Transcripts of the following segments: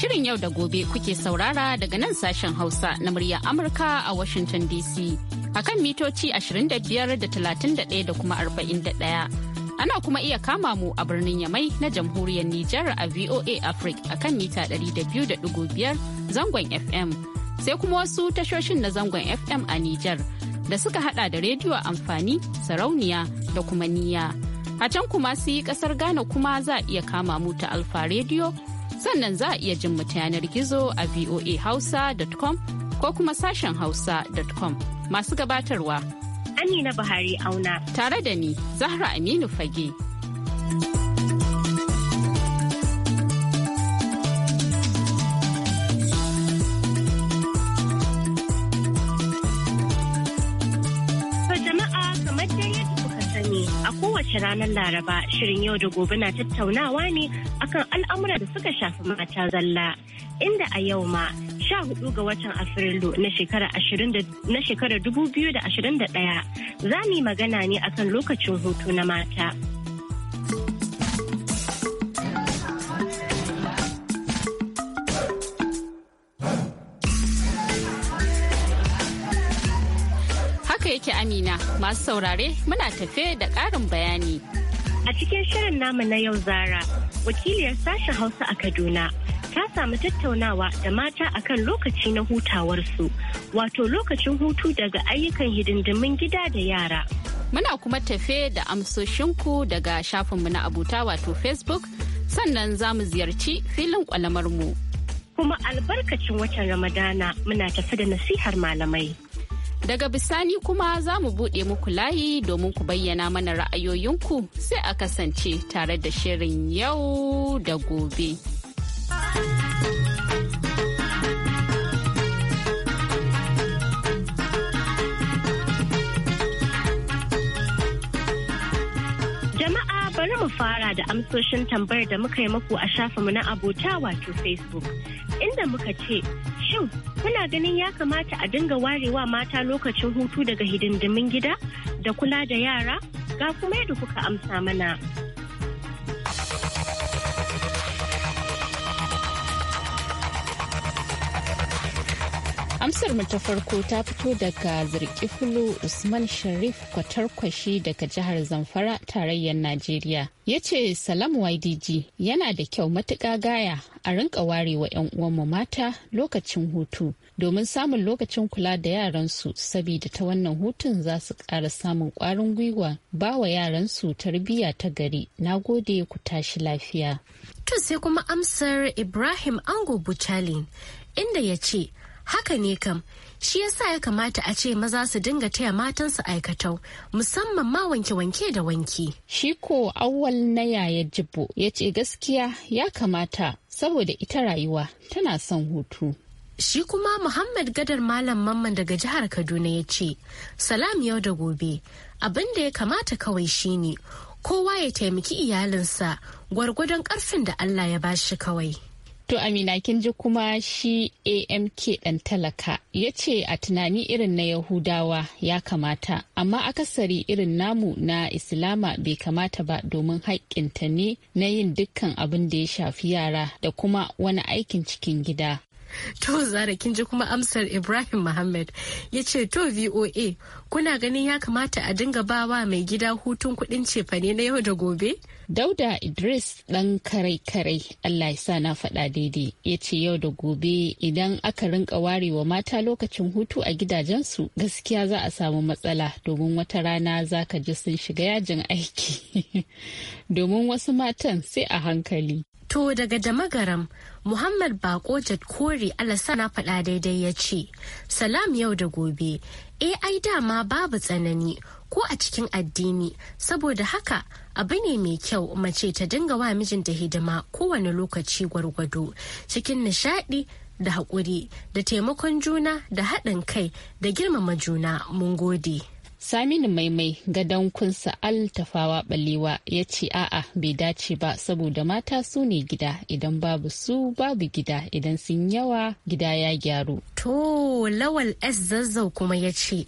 Shirin yau da gobe kuke saurara daga nan sashen Hausa na muryar Amurka a Washington DC a kan mitoci 25 da 31 da kuma 41. ana kuma iya kama mu a birnin yamai na jamhuriyar Nijar a VOA Africa a kan mita 200.5 zangon FM sai kuma wasu tashoshin na zangon FM a Nijar da suka hada da rediyo amfani sarauniya da kuma niya. A can kuma su yi kasar Ghana kuma za a iya kama mu ta Alfa rediyo. sannan za a iya jin mu ta yanar gizo a voahausa.com ko kuma sashen hausa.com masu gabatarwa. Amina Buhari auna. Tare da ni, Zahra Aminu Fage. kowace ranar Laraba shirin yau da gobe na tattaunawa ne akan al'amura da suka shafi mata zalla. Inda a yau ma sha hudu ga watan Afrilu na shekarar 2021 za mu yi magana ne akan lokacin hutu na mata. Amina masu saurare muna tafe da ƙarin bayani. A cikin shirin namu na yau zara, wakiliyar sashen Hausa a Kaduna ta samu tattaunawa da mata akan lokaci na hutawarsu, wato lokacin hutu daga ayyukan hidindimin gida da yara. Muna kuma tafe da amsoshinku daga shafinmu na abuta wato Facebook, sannan za mu ziyarci filin kwalamarmu. Kuma albarkacin watan Ramadana muna tafe da nasihar malamai. Daga bisani kuma za mu buɗe muku layi domin ku bayyana mana ra'ayoyinku sai a kasance tare da shirin yau da gobe. Jama'a bari mu fara da amsoshin tambayar da muka yi muku a shafinmu na abota wato Facebook, inda muka ce shin kuna ganin ya kamata a dinga warewa mata lokacin hutu daga hidindimin gida da kula da yara ga kuma yadda kuka amsa mana. amsar mu ta farko ta fito daga fulu usman sharif kwatarkwashi daga jihar zamfara tarayyar najeriya ya ce salam ydg yana da kyau matuƙa gaya a rinka wa 'yan uwanmu mata lokacin hutu domin samun lokacin kula da yaransu saboda ta wannan hutun za su ƙara samun ƙwarin gwiwa ba wa yaransu tarbiyya ta gari na gode ku tashi lafiya to sai kuma amsar ibrahim ango buchalin inda ya ce haka ne kam shi yasa ya kamata a ce maza su dinga taya matansu aikatau musamman ma wanke-wanke da wanki. Shi ko awwal na yaya jibbo ya ce gaskiya ya kamata saboda ita rayuwa tana son hutu. Shi kuma Muhammad Gadar Malam Mamman daga jihar Kaduna ya ce, Salam yau da gobe, abin da ya kamata kawai shine kowa ya taimaki iyalinsa gwargwadon ƙarfin da Allah ya bashi kawai. To Amina kin ji kuma shi AMK ɗan talaka ya ce a tunani irin na Yahudawa ya kamata, amma akasari irin namu na Islama bai kamata ba domin haƙƙinta ne na yin dukkan abin da ya shafi yara da kuma wani aikin cikin gida. To zara kin ji kuma amsar Ibrahim Muhammad ya ce to VOA kuna ganin ya kamata a dinga bawa mai gida hutun kudin cefane na yau da gobe? Dauda Idris dan karai-karai Allah ya sa na faɗa daidai ya ce yau da gobe idan aka rinka warewa mata lokacin hutu a gidajensu gaskiya za a samu matsala domin wata rana za ka ji sun shiga yajin aiki domin wasu matan sai a hankali. To daga damagaram Muhammad Bako Jadkori Alasa na faɗa daidai ya ce, Salam yau da gobe, Eh AI dama babu tsanani ko a cikin addini, saboda haka abu ne mai kyau mace ta dinga wa mijinta hidima kowane lokaci gwargwado cikin nishaɗi da haƙuri da taimakon juna da haɗin kai da girmama juna mun gode. saminu maimai gadon kunsa altafawa balewa ya ce a'a bai dace ba saboda mata su ne gida idan babu su babu gida idan sun yawa gida ya gyaru to lawal s zazzau kuma ya ce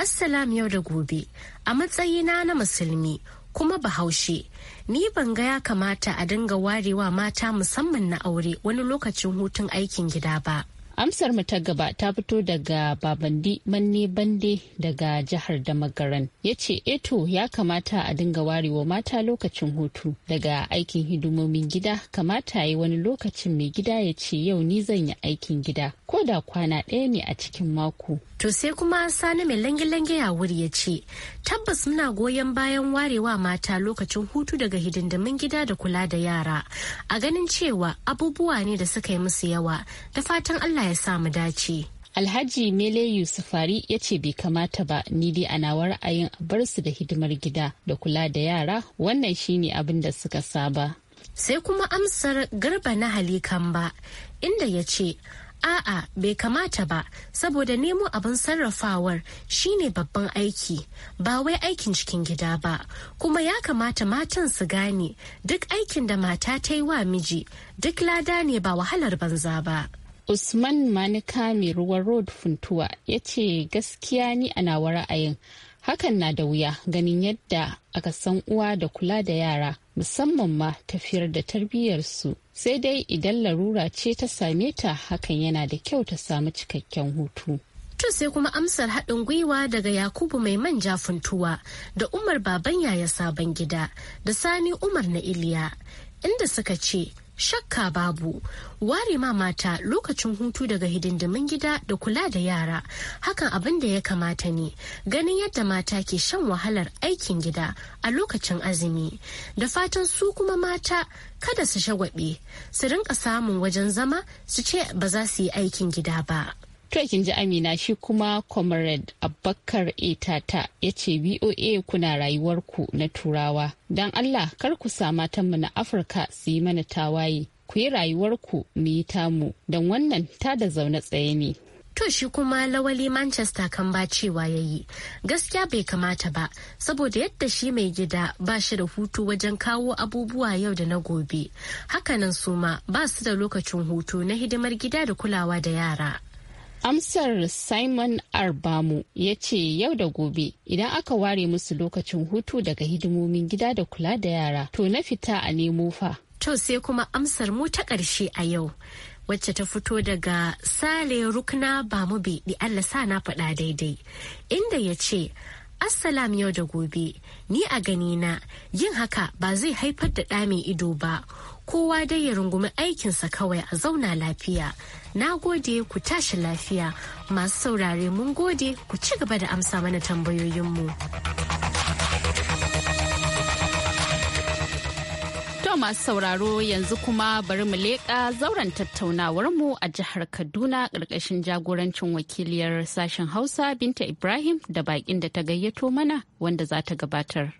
assalam yau da gobe a matsayina na musulmi kuma bahaushe ni ban ga ya kamata a dinga warewa mata musamman na aure wani lokacin hutun aikin gida ba amsar mu ta gaba ta fito daga babandi manne bande daga jihar damagaran ya ce eto eh ya kamata a dinga warewa mata lokacin hutu daga aikin hidimomin gida kamata yi wani lokacin mai gida ya ce yau ni zan yi aikin gida ko da kwana ɗaya ne a cikin mako to sai kuma sani mai lange-lange ya wuri ya ce tabbas muna goyon bayan warewa mata lokacin hutu daga hidindimin gida da kula da yara a ganin cewa abubuwa ne da suka yi musu yawa da fatan allah ya sa mu dace. Alhaji Mele Yusufari ya ce bai kamata ba ni dai ana wa ra'ayin a bar su da hidimar gida da kula da yara wannan shine abin da suka saba. Sai kuma amsar garba na halikan ba inda ya ce a'a bai kamata ba saboda nemo abin sarrafawar shine babban aiki ba wai aikin cikin gida ba kuma ya kamata matan su gane duk aikin da mata ta yi wa miji duk lada ne ba wahalar banza ba usman manika mai ruwan road funtuwa ya ce gaskiya ni a nawa ra'ayin hakan na da wuya ganin yadda aka san uwa da kula da yara musamman ma tafiyar da tarbiyyarsu sai dai idan larura ce ta same ta hakan yana da kyau ta samu cikakken hutu To sai kuma amsar haɗin gwiwa daga Yakubu mai manja funtuwa da Umar baban yaya sabon gida da Sani Umar na Iliya inda suka ce shakka babu ware ma mata lokacin hutu daga hidindimin gida da kula da yara hakan abin da ya kamata ne ganin yadda mata ke shan wahalar aikin gida a lokacin azumi da fatan su kuma mata kada su shagwabe su rinka samun wajen zama su ce ba za su yi aikin gida ba. To kin ji Amina shi kuma Comrade Abubakar Etata ya ce BOA kuna rayuwarku na Turawa. Don Allah kar ku sa mu na Afirka su yi mana tawaye. Ku yi rayuwarku mu yi tamu don wannan ta da zaune tsaye ne. To shi kuma lawali Manchester kan ba cewa ya yi. Gaskiya bai kamata ba, saboda yadda shi mai gida ba shi da hutu wajen kawo abubuwa yau da na gobe. Hakanan su ma ba su da lokacin hutu na hidimar gida da kulawa da yara. Amsar Simon Arbamu ya ce yau da gobe idan aka ware musu lokacin hutu daga hidimomin gida da kula da yara to na fita a nemo fa. To sai kuma amsar mu ta ƙarshe a yau wacce ta fito daga Sale Rukna Bamube di Allah sa na faɗa daidai inda ya ce Assalam yau da gobe, ni a ganina yin haka ba zai haifar da ɗa mai ido ba, kowa dai ya rungumi aikinsa kawai a zauna lafiya na gode ku tashi lafiya masu saurare mun gode ku ci gaba da amsa mana tambayoyinmu To masu sauraro yanzu kuma bari mu leƙa zauren tattaunawarmu a jihar Kaduna ƙarƙashin jagorancin wakiliyar sashen Hausa Binta Ibrahim da baƙin da ta gayyato mana wanda za ta gabatar.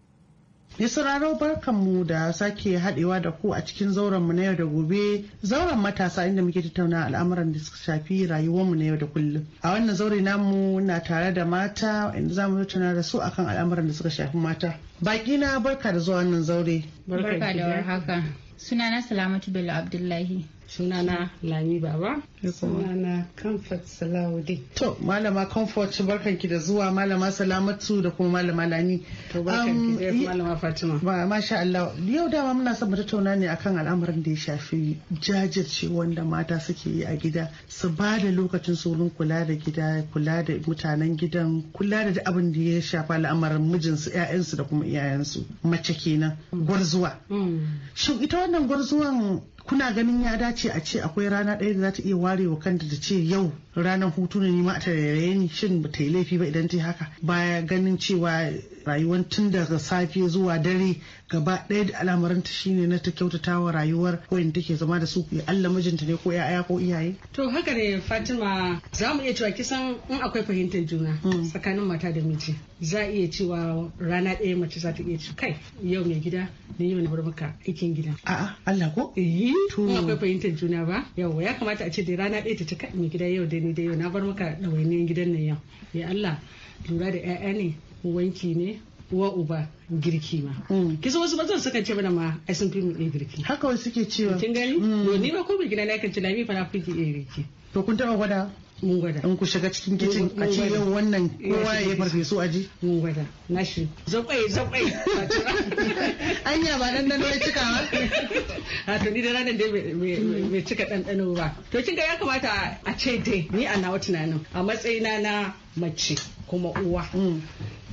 Isararo barkanmu da sake haɗewa da ku a cikin zaurenmu na yau da gobe zauren matasa inda muke tattauna al'amuran da suka shafi rayuwarmu na yau da kullum. A wannan zaure namu na tare da mata inda za mu tattauna da su akan al'amuran da suka shafi mata. Baƙi na barka da zuwa wannan zaure. Barka da warhaka. Sunana Salamatu Bello Abdullahi. sunana lami baba sunana comfort salaudi to malama comfort barkanki da zuwa malama salamatu da kuma malama lami to barkanki da malama fatima ba masha Allah yau dama muna son mu tattauna ne akan al'amarin da ya shafi jajirce wanda mata suke yi a gida su ba da lokacin tsoron kula da gida kula da mutanen gidan kula da abin da ya shafa al'amarin mijinsu 'ya'yansu da kuma iyayensu mace kenan mm. gwarzuwa mm. shin ita wannan gwarzuwan kuna ganin ya dace a ce akwai rana ɗaya da za ta iya ware wa kanta ta ce yau ranar hutu ne ma ta rairaye shin ba ta yi laifi ba idan ta yi haka baya ganin cewa rayuwar tun daga safe zuwa dare gaba ɗaya da al'amuranta shine na ta kyautata wa rayuwar wanda take zama da su ya Allah mijinta ne ko ya'ya ko iyaye. To haka ne Fatima za mu iya cewa kisan in akwai fahimtar juna mm. tsakanin mata da miji za a iya cewa rana ɗaya mace za ta iya ci kai yau mai gida ni yau na bar maka aikin gida. a Allah ko? Eh to in akwai fahimtar juna ba yau ya kamata a ce da rana ɗaya ta ci kai mai gida yau da ni da yau na bar maka wani gidan nan yau. Ya Allah lura da 'ya'ya ne wanki ne uwa uba girki ma. Mm. Kisa wasu mazan suka ce mana ma ai sun fi mu iya girki. Haka wasu suke cewa. Kin gani? Mm. To ni ba ko mai gida na kan ce na mi fa na iya girki. To kun taɓa gwada? Mun gwada. In ku shiga cikin kicin a ce yau wannan kowa ya farfe su aji? Mun gwada. Na shi. Zabai An Anya ba dan dan cika ba. A to ni da ranar dai mai cika ɗanɗano ba. To kin ga ya kamata a ce dai ni a nawa tunanin a matsayina na mace kuma uwa. Mm.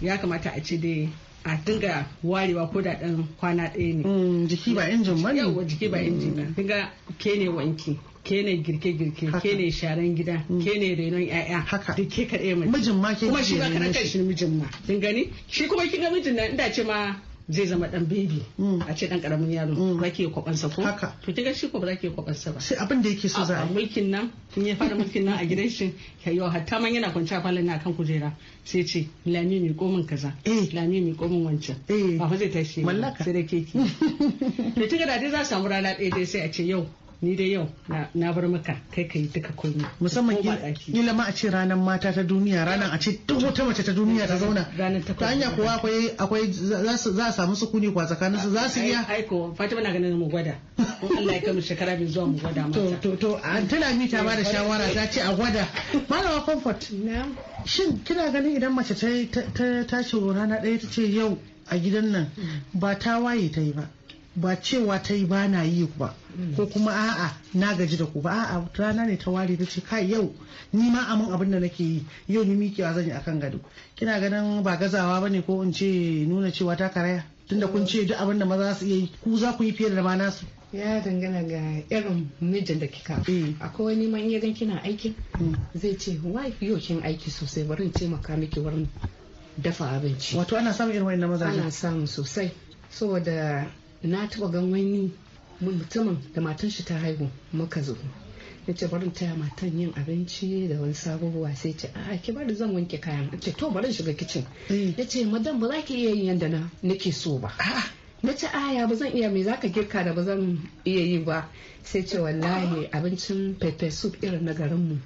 ya kamata a ce dai a dinga warewa ko da dan kwana ɗaya ne. Mm, jiki ba injin ba ne? Mm. jiki ba injin ba. Dinga ke ne wanki. ke ne girke-girke ke ne sharan gida mm. ke ne renon yaya haka duk ke kaɗai mai mijin ma ke kuma shi ba kaɗan kai shi mijin ma kin gani shi kuma kin ga mijin nan inda ce ma zai zama dan baby mm. a ce dan karamin yaro mm. ba ke kwabansa ko haka to kiga shi ko ba ke kwabansa ba sai abin da yake so za a mulkin nan in ya fara mulkin nan a gidan shi yau hatta man yana kwanciya falon na kan kujera sai ce lami mi komin kaza eh. lami mi komin wancan eh. ba fa zai tashi sai da keke to kiga da dai za samu rana ɗaya dai sai a ce yau ni dai yau na bar maka kai ka yi duka komai musamman kila ma a ce ranar mata ta duniya ranar a ce duk wata mace ta duniya ta zauna ta hanya kuwa akwai akwai za a samu sukuni kwa tsakanin su za su iya aiko fatima na ganin mu gwada Ko Allah ya kai mu shekara bin zuwa mu gwada mata to to an tana mi ta bada shawara ta ce a gwada malama comfort shin kina ganin idan mace ta tashi rana ɗaya ta ce yau a gidan nan ba ta waye ta yi ba ba cewa ta yi ba na yi ba ko kuma a'a na gaji da ku ba a'a rana ne ta ware ta ce kai yau ni ma amin abin da nake yi yau ni mikewa zan yi akan gado kina ganin ba gazawa bane ko in ce nuna cewa ta karaya tunda kun ce duk abin da maza su iya yi ku za ku yi fiye da ma su. ya dangana ga irin mijin da kika eh. akwai wani man ya kina aiki hmm. zai ce wife yau kin aiki sosai bari in ce maka miki wurin dafa abinci wato ana samun irin na maza ana samu sosai saboda na taɓa gan wani mutumin da matan shi ta haihu muka zo na ce barin taya matan yin abinci da wani sabuwa sai ce a ki bari zan wanke kayan ce to barin shiga kicin ya eh. ce madan ba za ki iya yin yadda na nake so ba ah. na ce aya ba zan iya me za girka da ba zan iya yi ba sai ce wallahi abincin pepper soup irin na garinmu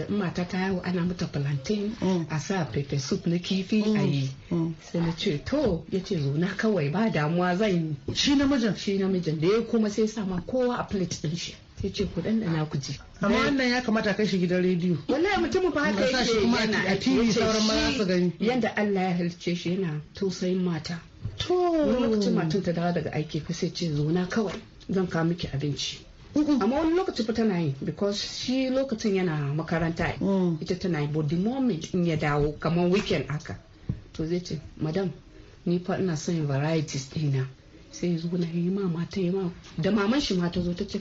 da in mata ta yawo ana mata plantain mm. a sa pepper soup na kifi mm. a yi mm. sai na ce to ya ce zauna kawai ba damuwa zan yi shi mijin. shi mijin da ya kuma sai sama kowa a plate din shi sai ce ku dandana na kuje. amma wannan ya kamata kai shi gidan rediyo wallahi mutumin ba haka yake kuma a TV sauran ma su gani yanda Allah ya halice shi yana tausayin mata to lokacin matan ta dawo daga aiki sai ce zo na kawai zan kawo miki abinci amma wani lokaci fa tana yi because shi lokacin yana makaranta mm. ita tana yi but the moment in ya dawo kamar weekend haka to zai ce madam ni fa ina son varieties dina sai zo na yi ma mata yi ma da maman shi ma ta zo ta ce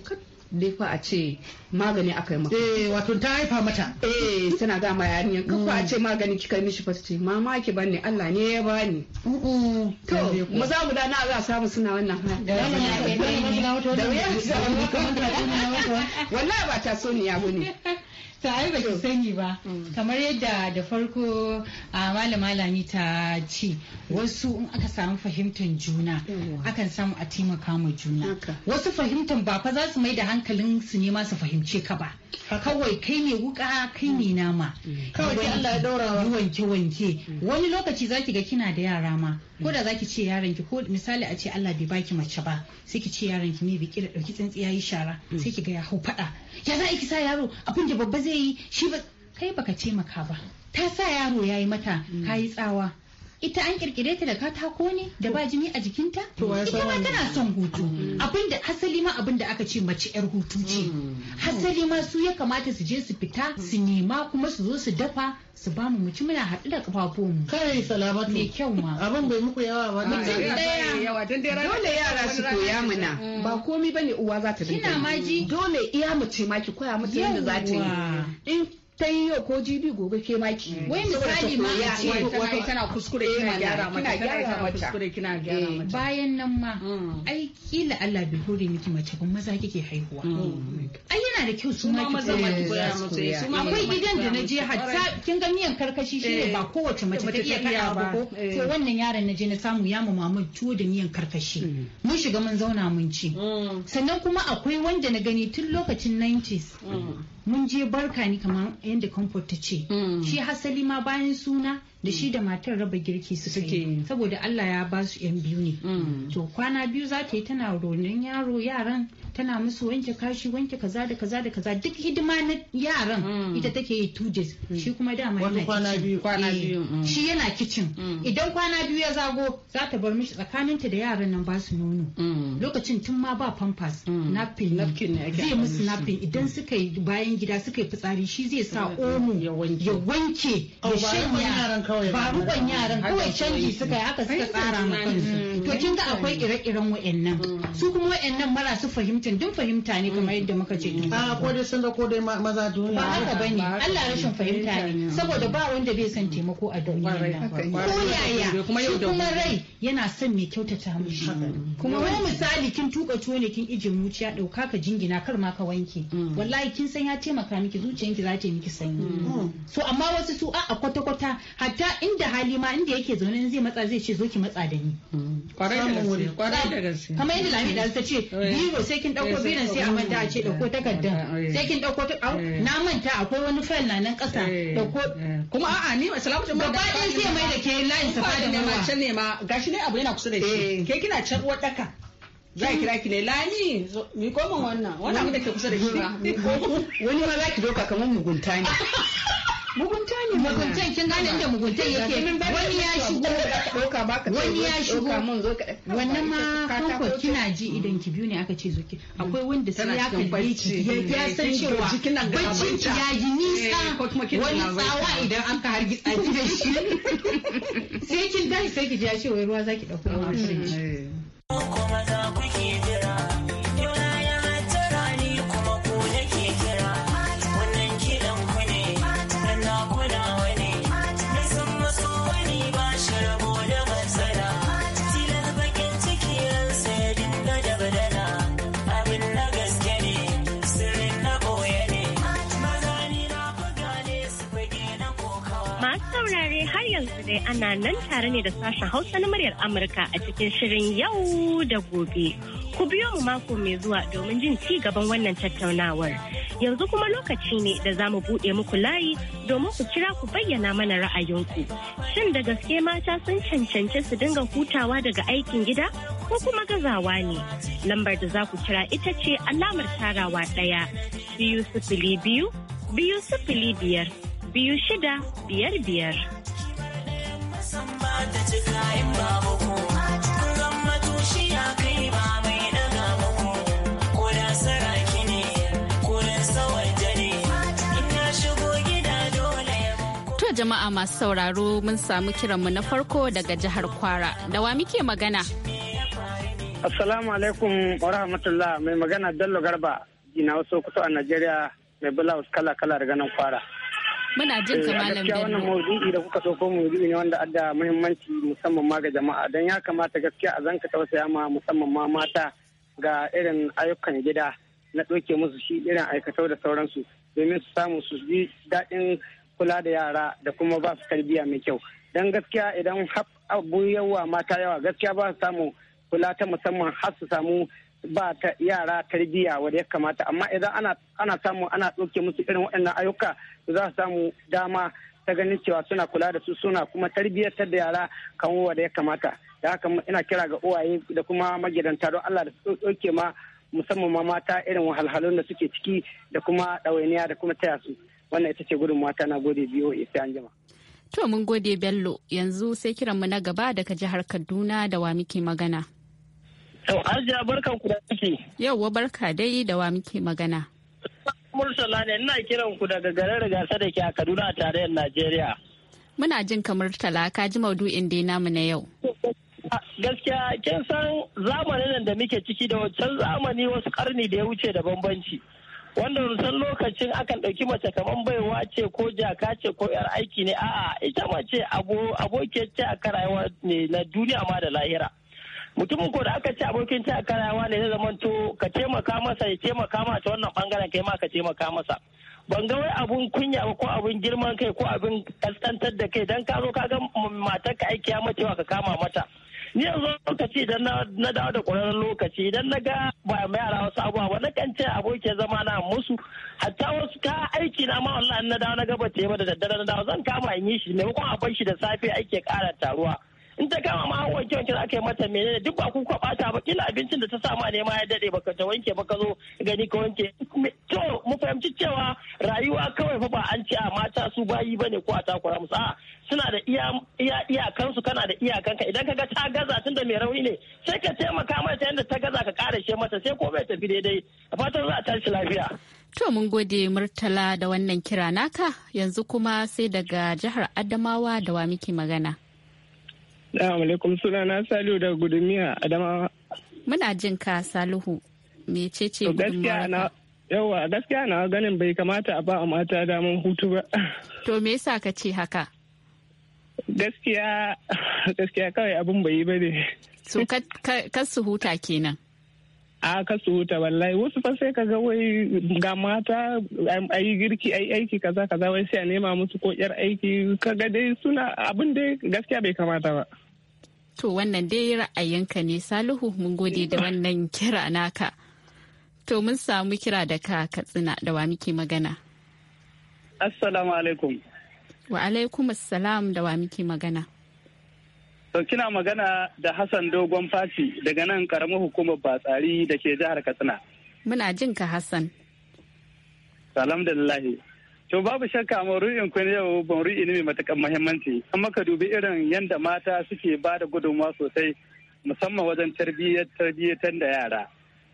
dai fa a ce magani aka yi maka eh wato ta haifa mata eh tana ga ma yarinyar ka fa a ce magani kika mishi fa ce mama ki bani Allah ne ya bani to maza guda na za samu suna wannan hali da wuya wallahi ba ta so ni ya bane to ai ba ki sani ba mm. kamar yadda da farko a malama lami ta ce wasu in aka samu fahimtar juna akan samu a taimaka ma juna wasu fahimtar ba fa za su mai da hankalin su ne ma su fahimce ka ba kawai kai ne wuka kai ne mm. nama mm. kawai Allah ya daura wa wanke wanke wani lokaci zaki ga kina da yara ma ko da zaki ce yaran ki ko misali a ce Allah bai baki mace ba sai ki ce yaran ki ne bi kira dauki ya yi shara sai ki ga ya hau fada ya za ki sa yaro abin da babba zai yi shi ba kai baka ce maka ba ta sa yaro yayi mata kayi tsawa ita an kirkire ta da katako ne da ba jini a jikinta ita ma tana son hutu abinda asali ma abinda aka ce mace yar hutu ce mm. asali ma su ya kamata su je su fita su nema kuma su zo su dafa su ba mu muci muna haɗu da mu. kai salamatu mai kyau ma abin bai muku yawa ba mutum daya dole yara su koya mana ba komai bane uwa za ta dinga kina ma ji dole iya mace ma ki koya mata yadda za ta yi ta yi yau ko jibi gobe ke maki. Mm. wai misali ma a ce kai tana kuskure kina eh, gyara mata kuskure kina gyara eh, mata bayan nan ma mm. ai kila Allah bai hore miki mace ban maza kike haihuwa mm. oh ai yana da kyau su ma ki su ma akwai gidan da na je hatta kin ga miyan karkashi shi eh. ba kowace mace ta iya kada ba ko to wannan yaron na je na samu ya mu mamu tuwo da miyan karkashi mun shiga mun zauna mun ci sannan kuma akwai wanda na gani tun lokacin 90s mun je barka ni kamar yadda comfort ta ce hmm. shi hasali ma bayan suna da shi da matar raba girki suke saboda Allah ya ba su yan biyu ne mm. to kwana biyu za ta yi tana ronin yaro yaran tana musu wanke kashi wanke kaza da kaza da kaza duk hidima na yaran mm. ita take yi mm. shi kuma dama yana kicin kwana biyu eh, shi yana kicin idan kwana biyu ya zago za ta bar mishi tsakaninta da yaran nan ba su nono lokacin tun ma ba pampers napkin zai musu napkin idan suka yi bayan gida suka yi fitsari shi zai sa omo ya wanke ya shanya kawai ba rukun yaran kawai canji suka yi haka suka tsara ma kansu to kin ga akwai ire-iren wayannan. Mm. su kuma wayannan mara su fahimtar din fahimta ne kamar yadda muka ce mm. a ko dai sun da ko dai maza duniya ba haka bane Allah rashin fahimta ne saboda ba wanda bai san taimako a duniya ko yaya shi kuma rai yana son mai kyautata mishi kuma wani misali kin tuka tuwo ne kin ije muciya dauka ka jingina kar ma ka wanke mm. wallahi kin san ya taimaka miki zuciyanki za ta yi miki sanyi so amma wasu su a kwata-kwata hatta inda hali ma inda yake zaune zai matsa zai ce zo ki matsa da ni hmm. kwarai da gaske kwarai da gaske kamar yadda lami da ta ce eh, eh, biro sai kin dauko eh, biro sai a manta a ce dauko takardar sai kin dauko na manta akwai wani file na nan kasa dauko kuma a'a ni ma salamatu ma ba ba. sai mai da ke line safa da ruwa ma can ne ma gashi ne abu yana kusa da shi ke kina can ruwa daka za kira ki ne lani mi koma wannan wannan abu da ke kusa da shi wani ma za ki doka kamar mugunta ne mugunta ne muguntan kin gane inda muguntan yake wani ya shigo wani ya shigo wannan ma koko kina ji idan ki biyu ne aka ce ki akwai wanda sai ya kalle ki ya san cewa baccin ki ya yi nisa eh, wani tsawa idan an ka hargitsa ki da shi sai kin gani sai ki ji ya ce wai ruwa zaki dauko kuma za ku saurare har yanzu dai ana nan tare ne da sashen Hausa na muryar Amurka a cikin shirin yau da gobe. Ku biyo mu mako mai zuwa domin jin ci gaban wannan tattaunawar. Yanzu kuma lokaci ne da za mu buɗe muku layi domin ku kira ku bayyana mana ra'ayinku. Shin da gaske mata sun cancanci su dinga hutawa daga aikin gida ko kuma gazawa ne? Lambar da za ku kira ita ce alamar tarawa ɗaya biyu sifili biyu biyu sifili biyar biyu shida biyar biyar. jama'a masu sauraro mun samu kiranmu na farko daga jihar kwara da wa muke magana assalamu alaikum wa rahmatullah mai magana bello garba gina wasu kusa a najeriya mai bula kala kala daga nan kwara muna jin ka eh, malam gaskiya wannan maudu'i da kuka ɗauko maudu'i ne wanda adda muhimmanci musamman ma ga jama'a don ya kamata gaskiya a zanka tausaya ma musamman ma mata ga irin ayyukan gida na ɗauke musu shi irin aikatau da sauransu domin su samu su ji daɗin kula da yara da kuma ba su tarbiyya mai kyau don gaskiya idan abu yawa mata yawa gaskiya ba su samu kula ta musamman har su samu ba ta yara tarbiyya wadda ya kamata amma idan ana samu ana ɗauke musu irin waɗannan ayyuka za su samu dama ta ganin cewa suna kula da su suna kuma tarbiyyar da yara kan wadda ya kamata da haka ina kira ga uwaye da kuma magidanta don Allah da su ɗauke ma musamman ma mata irin wahalhalun da suke ciki da kuma ɗawainiya da kuma taya su wannan ita ce gudun mata na gode biyo a an jima. To mun gode Bello yanzu sai kiranmu na gaba daga jihar Kaduna da wa muke magana. Yau Hajiya barkan ku da kuke. Yauwa barka dai da wa muke magana. Murtala ne ina kiran ku daga garin rigasa da ke a Kaduna a tarayyar Najeriya. Muna jin kamar tala ka ji maudu'in dai namu na yau. Gaskiya kin san nan da muke ciki da wancan zamani wasu karni da ya wuce da bambanci. wanda san lokacin akan ɗauki mace kamar baiwa ce ko jaka ce ko yar aiki ne a'a ita mace abokiyar ce a rayuwa ne na duniya ma da lahira. mutumin ko da aka ci abokin ci a karawa ne zama zamanto ka taimaka masa ya taimaka ma ta wannan bangaren kai ma ka taimaka masa ban ga wai abun kunya ko abun girman kai ko abun kaskantar da kai dan ka zo ka ga matar ka aiki ya macewa ka kama mata ni yanzu lokaci idan na dawo da ƙwararren lokaci idan na ga ba mai yara wasu abubuwa ba na kan ce abokin zama na musu hatta wasu ka aiki na ma wallahi na dawo na gaba ba da daddare na dawo zan kama in yi shi maimakon a bar shi da safe aiki ya ƙara taruwa in ta kama ma wanke wanke kira ka yi mata menene duk ba ku ka bata ba kila abincin da ta sa ma ne ma ya dade baka ta wanke baka zo gani ka wanke to mu fahimci cewa rayuwa kawai fa ba an ce a mata su bayi ne ko a takura musu a'a suna da iya iya iyakansu kana da ka idan ka ga ta gaza tun da mai rauni ne sai ka taimaka mata yanda ta gaza ka karashe mata sai ko komai tafi daidai a fatan za a tashi lafiya To mun gode Murtala da wannan kira naka yanzu kuma sai daga jihar Adamawa da wa muke magana. Assalamu alaikum sunana Salihu daga Gudumiya Adamawa. Muna jin ka Salihu. ce gudunmawa? Yawwa gaskiya na ganin bai kamata a ba mata damar hutu ba. To me yasa ka ce haka? Gaskiya gaskiya kawai abin bai yi ba ne. So kar su huta kenan. a su huta wallahi wasu fa sai ka ga wai ga mata a yi girki a yi aiki kaza kaza wai sai a nema musu ko yar aiki ga dai suna abin dai gaskiya bai kamata ba To wannan dai ra'ayinka ne Salihu mun gode da wannan kira naka. To mun samu kira da ka katsina da wa muke magana. Assalamu alaikum. Wa alaikum assalam da wa muke magana. To kina magana da Hassan Dogon Fati daga nan karamar hukumar Batsari da ke jihar Katsina. Muna jin ka Hassan. Alhamdulillah. To babu shakka maudu'in ku yau maudu'i ne mai matakan muhimmanci. Kuma ka dubi irin yadda mata suke ba da gudunmawa sosai musamman wajen tarbiyyar da yara.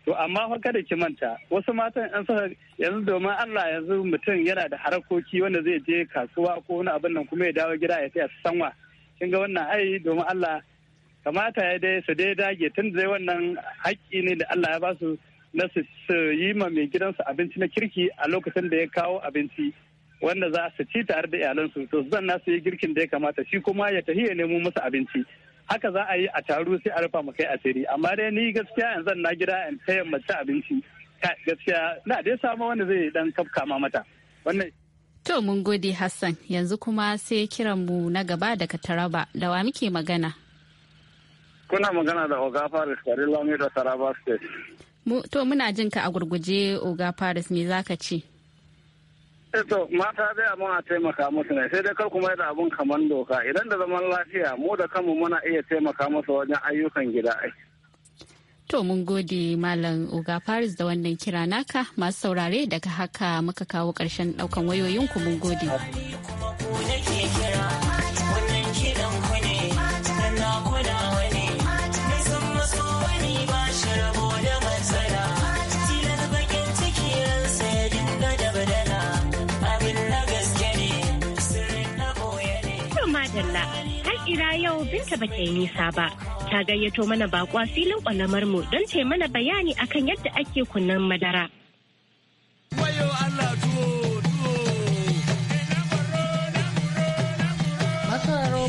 To amma fa kada ki manta wasu matan an saka yanzu domin Allah yanzu mutum yana da harakoki wanda zai je kasuwa ko wani abin nan kuma ya dawo gida ya tsaya sanwa. Kin ga wannan ai domin Allah kamata ya dai su dai dage tun da wannan haƙƙi ne da Allah ya ba su na su yi ma mai gidansu abinci na kirki a lokacin da ya kawo abinci. wanda za su ci tare da iyalansu to zan na su yi girkin da ya kamata shi kuma ya tafi ya nemo musu abinci haka za a yi a taro sai a rufa mu kai asiri amma dai ni gaskiya yanzu na gida in taya mace abinci gaskiya na dai samu wanda zai dan kafkama mata wannan to mun gode hassan yanzu kuma sai kiran mu na gaba daga taraba da wa muke magana kuna magana da oga faris kare da taraba state to muna jinka a gurguje oga faris me zaka ce to mata zai abin a taimaka musu ne sai dai kar kuma da abun kamar doka idan da zaman lafiya mu da kanmu muna iya taimaka musu wajen ayyukan gida ai. To mun gode Malam Oga Faris da wannan kira naka masu saurare daga haka muka kawo ƙarshen ɗaukan ku mun gode. Talla. har ira yau binta ba ta yi nisa ba ta gayyato mana bakwa filin kwalamar mu don ta mana bayani akan yadda ake kunnan madara.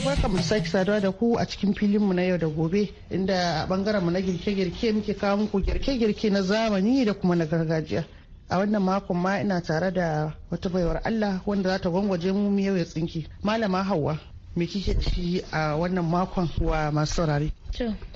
barka mu sake saduwa da ku a cikin filinmu na yau da gobe inda a bangaren mu na girke-girke muke kawo muku girke-girke na zamani da kuma na gargajiya a wannan makon ma ina tare da wata baiwar Allah wanda za ta gwangwaje mu miyau ya tsinki malama Hauwa me kike da shi a wannan makon wa masu saurare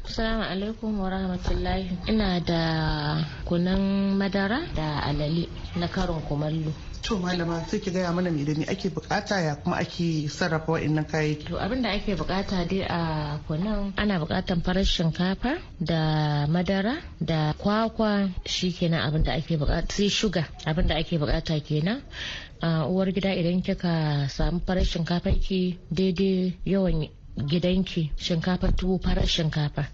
Assalamu alaikum wa rahmatullahi ina da kunan madara da alale na karin kumallo to malama sai ki gaya mana me da ake bukata ya kuma ake sarrafa wa'annan kayayyaki to abin da ake bukata dai a kunan ana bukatan farar shinkafa da madara da kwakwa shikenan abin da ake bukata sai shuga abin da ake bukata kenan uwar gida idan kika samu farar shinkafar ki daidai yawan gidanki shinkafa tuwo farar shinkafa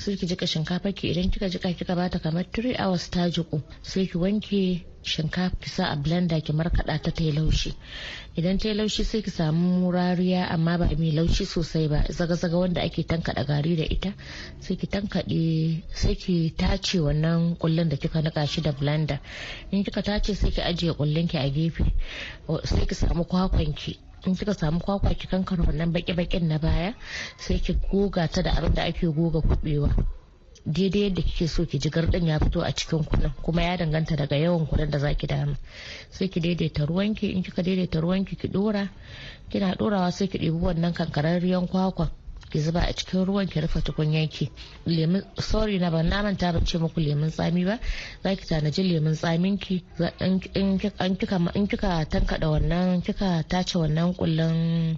sai ki jika shinkafa ki idan kika jika kika bata kamar 3 hours ta jiku sai ki wanke shinkafa ki sa a blender ki markaɗa ta ta laushi idan ta laushi sai ki samu murariya amma ba mai laushi sosai ba zaga-zaga wanda ake tankaɗa gari da ita sai ki tankaɗe sai ki tace wannan kullun da kika nika shi da blender in kika tace sai ki ajiye kullun ki a gefe sai ki samu kwakwan ki in kika samu kwakwa ki kankara wannan baki-bakin na baya sai ki goga ta da abin da ake goga kubewa daidai yadda kike so ki ji gardin ya fito a cikin kudin kuma ya danganta daga yawan kudin da zaki dama sai ki daidaita ruwanki in kika daidaita ruwanki ki dora kina dorawa sai ki ɗebi wannan kankararriyar kwakwan ki zuba a cikin ruwan ki rufe tukunyan ki lemun sorry na ban na manta ban ce muku lemun tsami ba za ki tanaji lemun tsamin ki in kika tankada wannan kika tace wannan kullun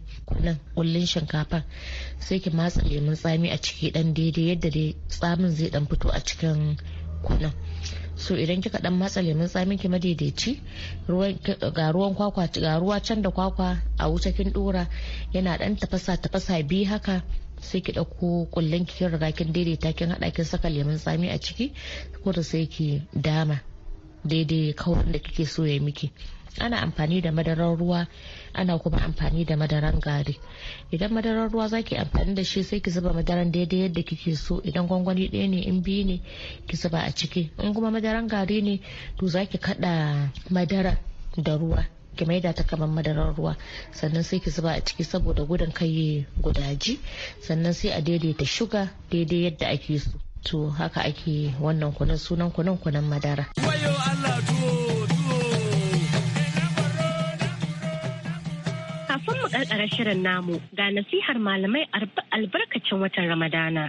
kullun shinkafa sai ki matsa lemun tsami a ciki dan daidai yadda dai tsamin zai dan fito a cikin kunan so idan kika dan matsa lemun tsamin ki madaidaici ga ruwan kwakwa ga ruwa can da kwakwa a wuta kin dora yana dan tafasa tafasa bi haka sai ki ɗauko kullun ki riga kin daidaita kin haɗa kin saka lemun tsami a ciki ko da sai ki dama daidai kawai da kike so ya miki ana amfani da madarar ruwa ana kuma amfani da madaran gari idan madarar ruwa zaki amfani da shi sai ki zuba madaran daidai yadda kike so idan gwangwani ɗaya ne in biyu ne ki zuba a ciki in kuma madaran gari ne to zaki kada madara da ruwa ki maida ta kamar madarar ruwa sannan sai ki zuba a ciki saboda gudun kai gudaji sannan sai a daidaita shuga daidai yadda ake so to haka ake wannan kunan sunan kunan kunan madara. mu shirin namu ga nasihar malamai albarkacin watan Ramadana.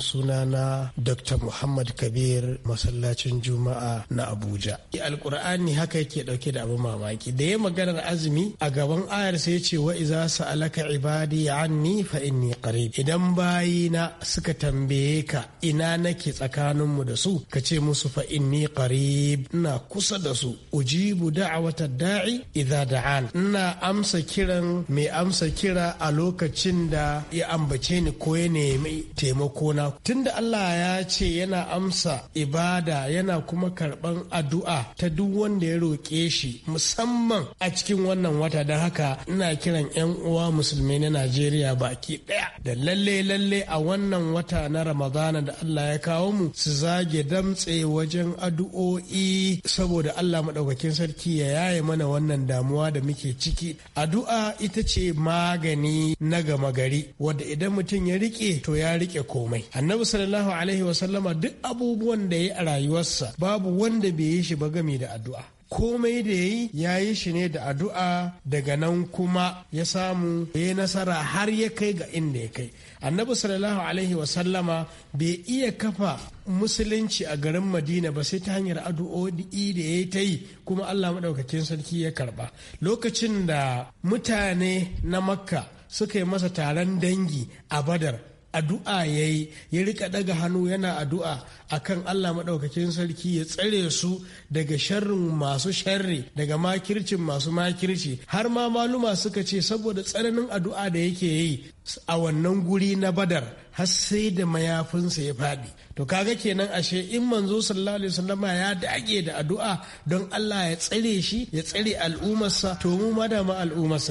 sunana dr muhammad kabir masallacin juma'a na abuja alkur'ani haka yake dauke da abu mamaki da ya maganar azumi a gaban ayar sai ce wa iza sa'alaka ibadi anni fa inni qarib idan bayina suka tambaye ka ina nake tsakanin mu da su ka ce musu fa inni qarib ina kusa da su ujibu da'wata da'i idza da'an ina amsa kiran mai amsa kira a lokacin da ya ambace ni ko ya nemi taimako na tun tunda Allah ya ce yana amsa ibada yana kuma karban addu'a ta duk wanda ya roƙe shi musamman a cikin wannan wata don haka ina kiran 'yan uwa musulmi na Najeriya baki ɗaya da lalle lalle a wannan wata na Ramadana da Allah ya kawo mu su zage damtse wajen addu'o'i saboda Allah maɗaukakin sarki ya yaye mana wannan damuwa da muke ciki addu'a ita ce magani na gama gari wadda idan mutum ya rike to ya rike komai annabi sallallahu alaihi wasallama duk abubuwan da ya a rayuwarsa babu wanda bai yi shi ba game da addu'a komai da ya yi ya yi shi ne da addu'a daga nan kuma ya samu ya yi nasara har ya kai ga inda ya kai annabi sallallahu alaihi wasallama bai iya kafa musulunci a garin madina ba sai ta hanyar addu'o'i da ya ta yi kuma allah maɗaukakin sarki ya karba lokacin da mutane na makka suka yi masa taron dangi a badar addu'a ya yi ya rika daga hannu yana addu'a kan Allah maɗaukakin sarki ya tsare su daga sharrin masu sharri daga makircin masu makirci har ma maluma suka ce saboda tsananin addu'a da yake yi a wannan guri na badar har sai da mayafinsa ya faɗi to kaga kenan ashe in manzo sallallahu alaihi wasallama ya dage da addu'a don Allah ya tsare shi ya tsare al'ummarsa to mu ma da ma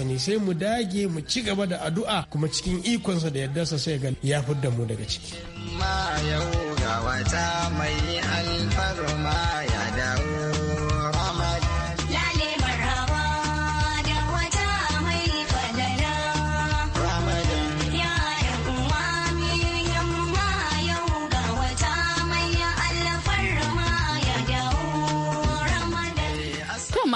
ne sai mu dage mu ci gaba da addu'a kuma cikin ikonsa da yardarsa sai ga ya fudda mu daga ciki ma yau ga wata mai alfarma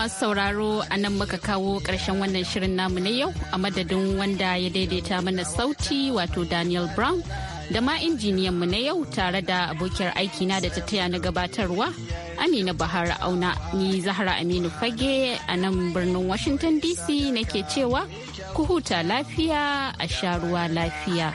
sauraro a nan muka kawo ƙarshen wannan shirin namu na yau a madadin wanda ya daidaita mana sauti wato Daniel Brown da ma injiniyan mu na yau tare da abokiyar aikina da ta taya na gabatarwa Amina Bahara Auna ni Zahra Aminu Fage a nan birnin Washington DC nake cewa ku huta lafiya a sha ruwa lafiya.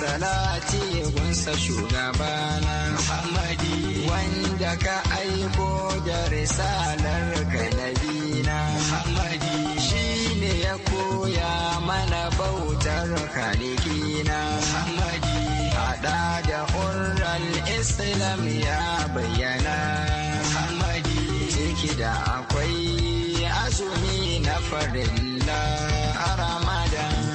salati gunsa shugabana Muhammadi wanda ka aiko da risalar na. nabina Muhammadi shi ne ya koya mana bautar kalikina Muhammadi hada da hurral Islam ya bayyana Muhammadi ciki da akwai azumi na farin a Ramadan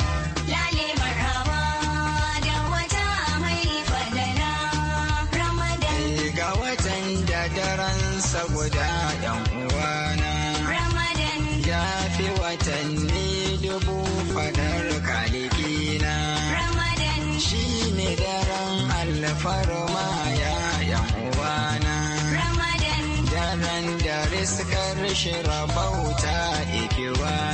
iskar shi rabauta ikirana